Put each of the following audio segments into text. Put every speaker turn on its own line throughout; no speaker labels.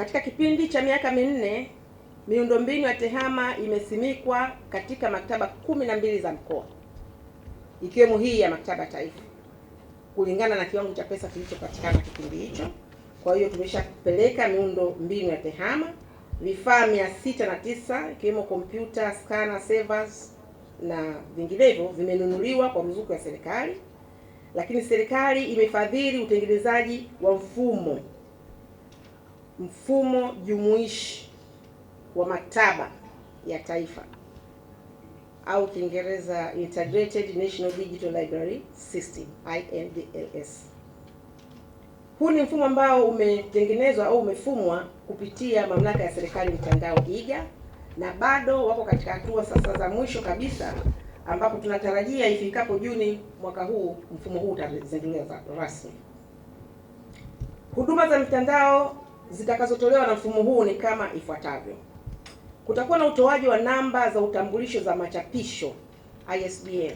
Katika kipindi cha miaka minne miundombinu ya TEHAMA imesimikwa katika maktaba kumi na mbili za mkoa ikiwemo hii ya maktaba taifa kulingana na kiwango cha pesa kilichopatikana kipindi hicho. Kwa hiyo tumeshapeleka miundo mbinu ya TEHAMA vifaa mia sita na tisa ikiwemo kompyuta, skana, servers na vinginevyo vimenunuliwa kwa mzuko ya serikali, lakini serikali imefadhili utengenezaji wa mfumo mfumo jumuishi wa maktaba ya taifa au Kiingereza Integrated National Digital Library System INDLS. Huu ni mfumo ambao umetengenezwa au umefumwa kupitia mamlaka ya serikali mtandao iga, na bado wako katika hatua sasa za mwisho kabisa, ambapo tunatarajia ifikapo Juni mwaka huu mfumo huu utazinduliwa rasmi. Huduma za mtandao zitakazotolewa na mfumo huu ni kama ifuatavyo. Kutakuwa na utoaji wa namba za utambulisho za machapisho ISBN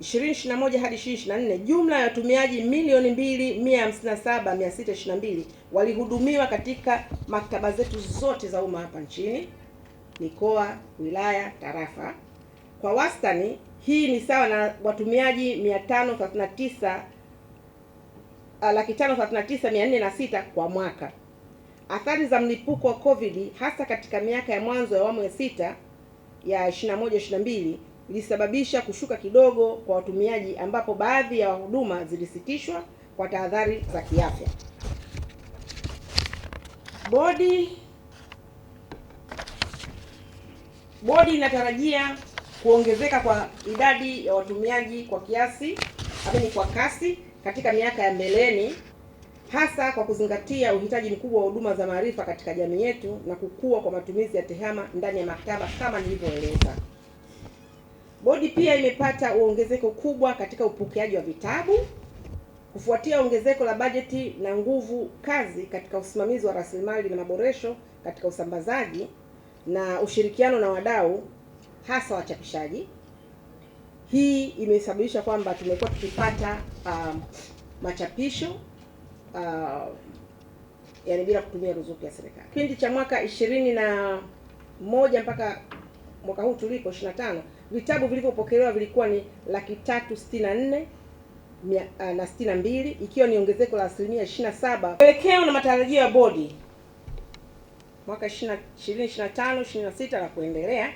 2021 hadi 2024. Jumla ya watumiaji milioni 2,157,622 walihudumiwa katika maktaba zetu zote za umma hapa nchini, mikoa, wilaya, tarafa. Kwa wastani hii ni sawa na watumiaji 539 laki 539,406 kwa mwaka. Athari za mlipuko wa COVID hasa katika miaka ya mwanzo ya awamu ya sita ya 21 22 ilisababisha kushuka kidogo kwa watumiaji, ambapo baadhi ya huduma zilisitishwa kwa tahadhari za kiafya. Bodi bodi inatarajia kuongezeka kwa idadi ya watumiaji kwa kiasi, kwa kasi katika miaka ya mbeleni hasa kwa kuzingatia uhitaji mkubwa wa huduma za maarifa katika jamii yetu na kukua kwa matumizi ya tehama ndani ya maktaba kama nilivyoeleza. Bodi pia imepata uongezeko kubwa katika upokeaji wa vitabu kufuatia ongezeko la bajeti na nguvu kazi katika usimamizi wa rasilimali na maboresho katika usambazaji na ushirikiano na wadau hasa wachapishaji. Hii imesababisha kwamba tumekuwa tukipata um, machapisho uh, yani bila kutumia ruzuku ya serikali. Kipindi cha mwaka ishirini na moja mpaka mwaka huu tuliko 25 vitabu vilivyopokelewa vilikuwa ni laki tatu sitini na nne uh, na sitini na mbili ikiwa ni ongezeko la asilimia ishirini na saba. Mwelekeo na matarajio ya bodi mwaka 2025 26 na kuendelea,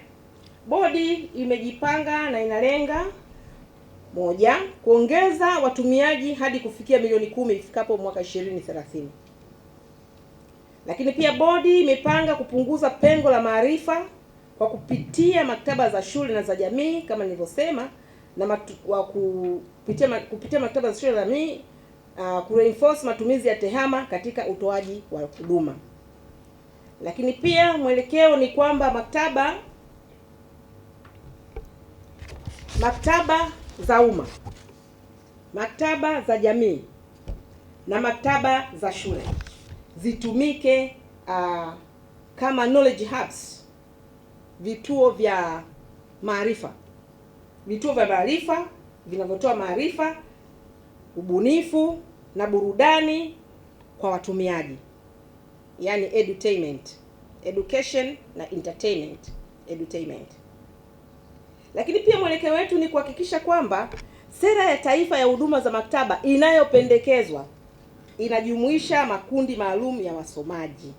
bodi imejipanga na inalenga moja, kuongeza watumiaji hadi kufikia milioni kumi ifikapo mwaka 2030. Lakini pia bodi imepanga kupunguza pengo la maarifa kwa kupitia maktaba za shule na za jamii kama nilivyosema, na matu, wa kupitia, kupitia maktaba za shule na jamii uh, reinforce matumizi ya tehama katika utoaji wa huduma. Lakini pia mwelekeo ni kwamba maktaba maktaba za umma, maktaba za jamii na maktaba za shule zitumike uh, kama knowledge hubs, vituo vya maarifa, vituo vya maarifa vinavyotoa maarifa, ubunifu na burudani kwa watumiaji, yani edutainment, education na entertainment, edutainment. Lakini pia mwelekeo wetu ni kuhakikisha kwamba sera ya taifa ya huduma za maktaba inayopendekezwa inajumuisha makundi maalum ya wasomaji,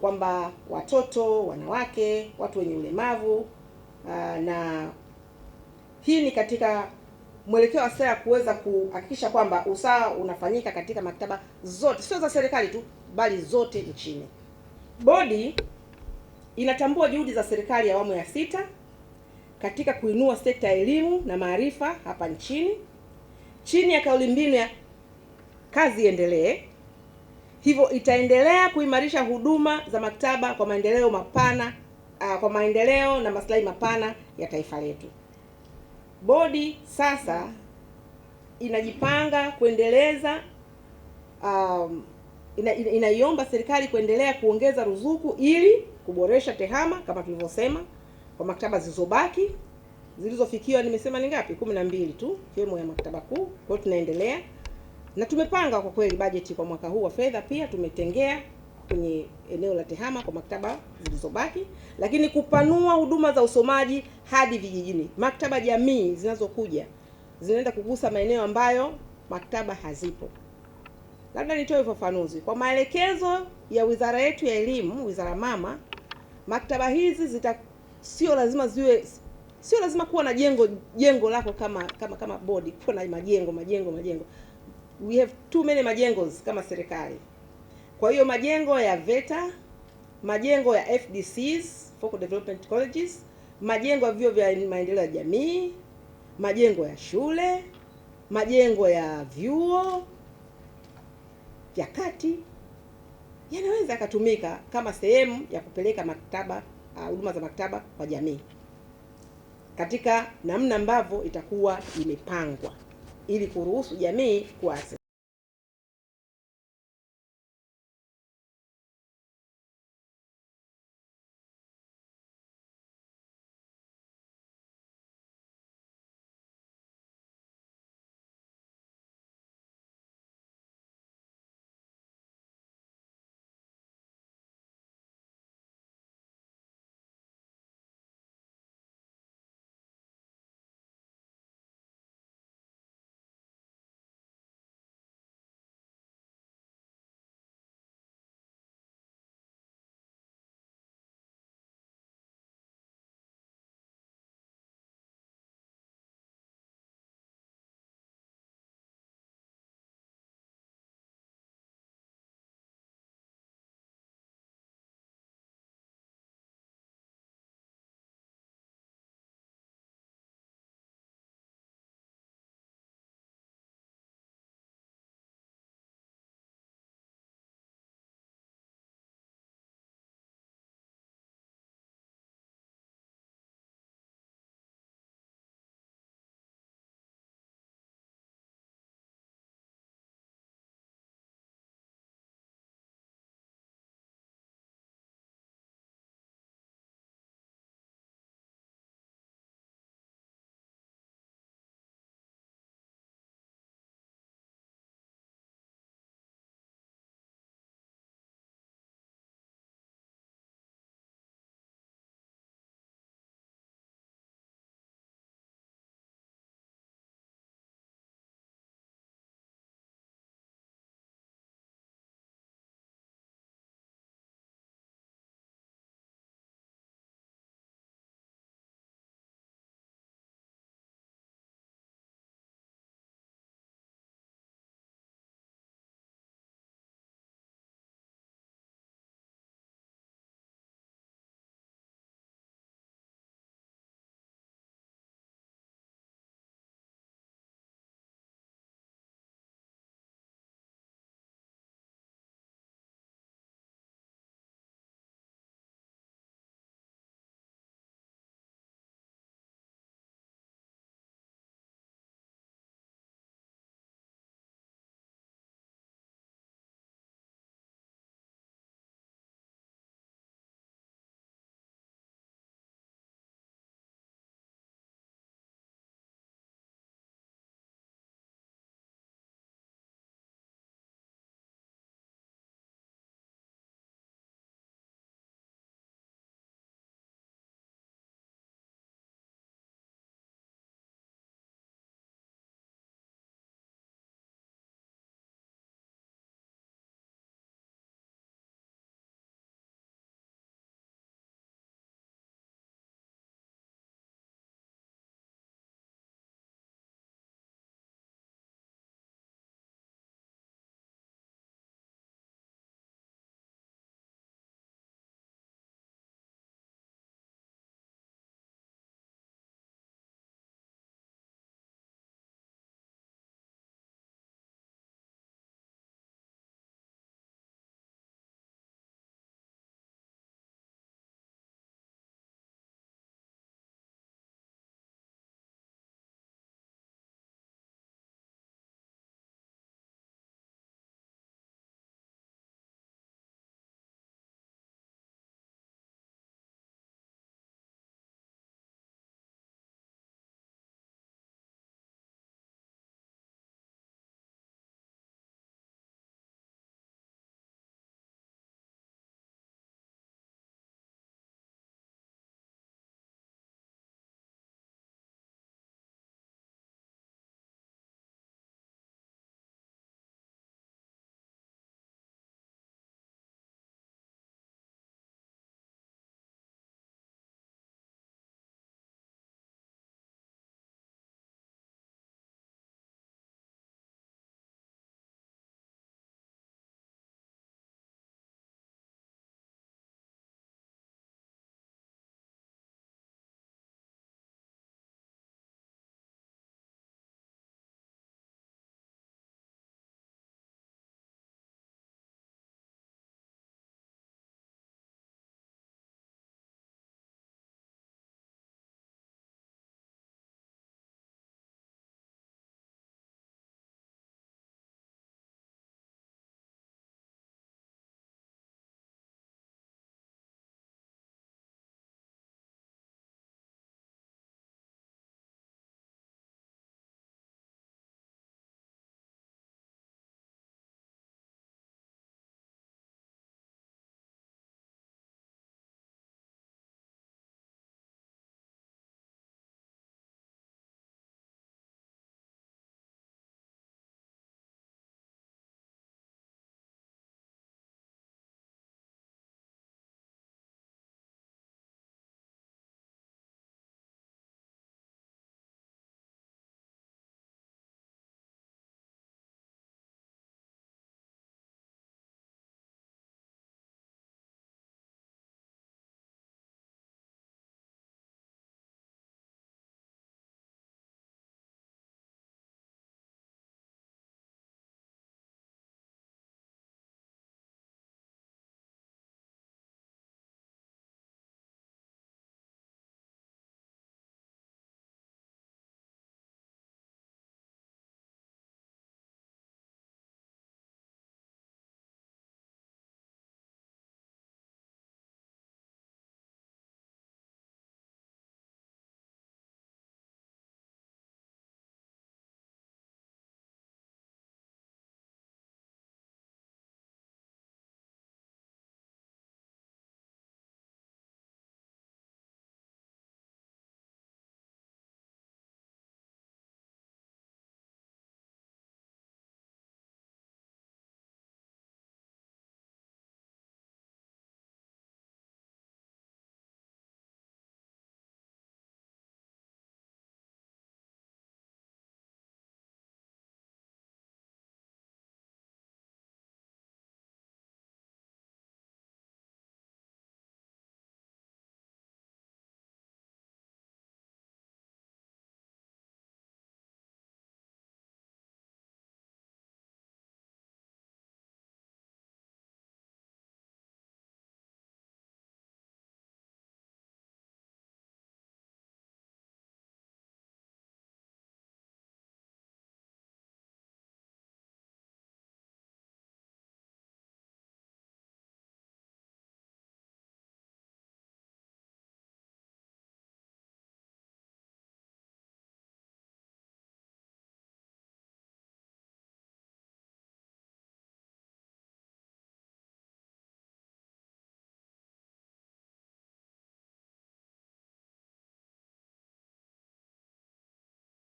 kwamba watoto, wanawake, watu wenye ulemavu na hii ni katika mwelekeo wa sera kuweza kuhakikisha kwamba usawa unafanyika katika maktaba zote, sio za serikali tu, bali zote nchini. Bodi inatambua juhudi za serikali ya awamu ya sita katika kuinua sekta ya elimu na maarifa hapa nchini chini ya kauli mbinu ya kazi iendelee. Hivyo itaendelea kuimarisha huduma za maktaba kwa maendeleo mapana uh, kwa maendeleo na maslahi mapana ya taifa letu. Bodi sasa inajipanga kuendeleza um, ina, ina, inaiomba serikali kuendelea kuongeza ruzuku ili kuboresha TEHAMA kama tulivyosema kwa maktaba zilizobaki zilizofikiwa nimesema ni ngapi? kumi na mbili tu ikiwemo ya maktaba kuu. Kwa hiyo tunaendelea na tumepanga kwa kweli bajeti kwa mwaka huu wa fedha, pia tumetengea kwenye eneo la TEHAMA kwa maktaba zilizobaki, lakini kupanua huduma za usomaji hadi vijijini. Maktaba jamii zinazokuja zinaenda kugusa maeneo ambayo maktaba hazipo. Labda nitoe ufafanuzi kwa maelekezo ya wizara yetu ya elimu, wizara mama, maktaba hizi zita sio lazima ziwe, sio lazima kuwa na jengo jengo lako kama kama kama bodi, kuwa na majengo majengo majengo. We have too many majengos kama serikali. Kwa hiyo majengo ya VETA, majengo ya FDCs, Focal Development Colleges, majengo ya vyuo vya maendeleo ya jamii, majengo ya shule, majengo ya vyuo vya kati yanaweza yakatumika kama sehemu ya kupeleka maktaba Uh, huduma za maktaba kwa jamii katika namna ambavyo itakuwa imepangwa ili kuruhusu jamii kuwa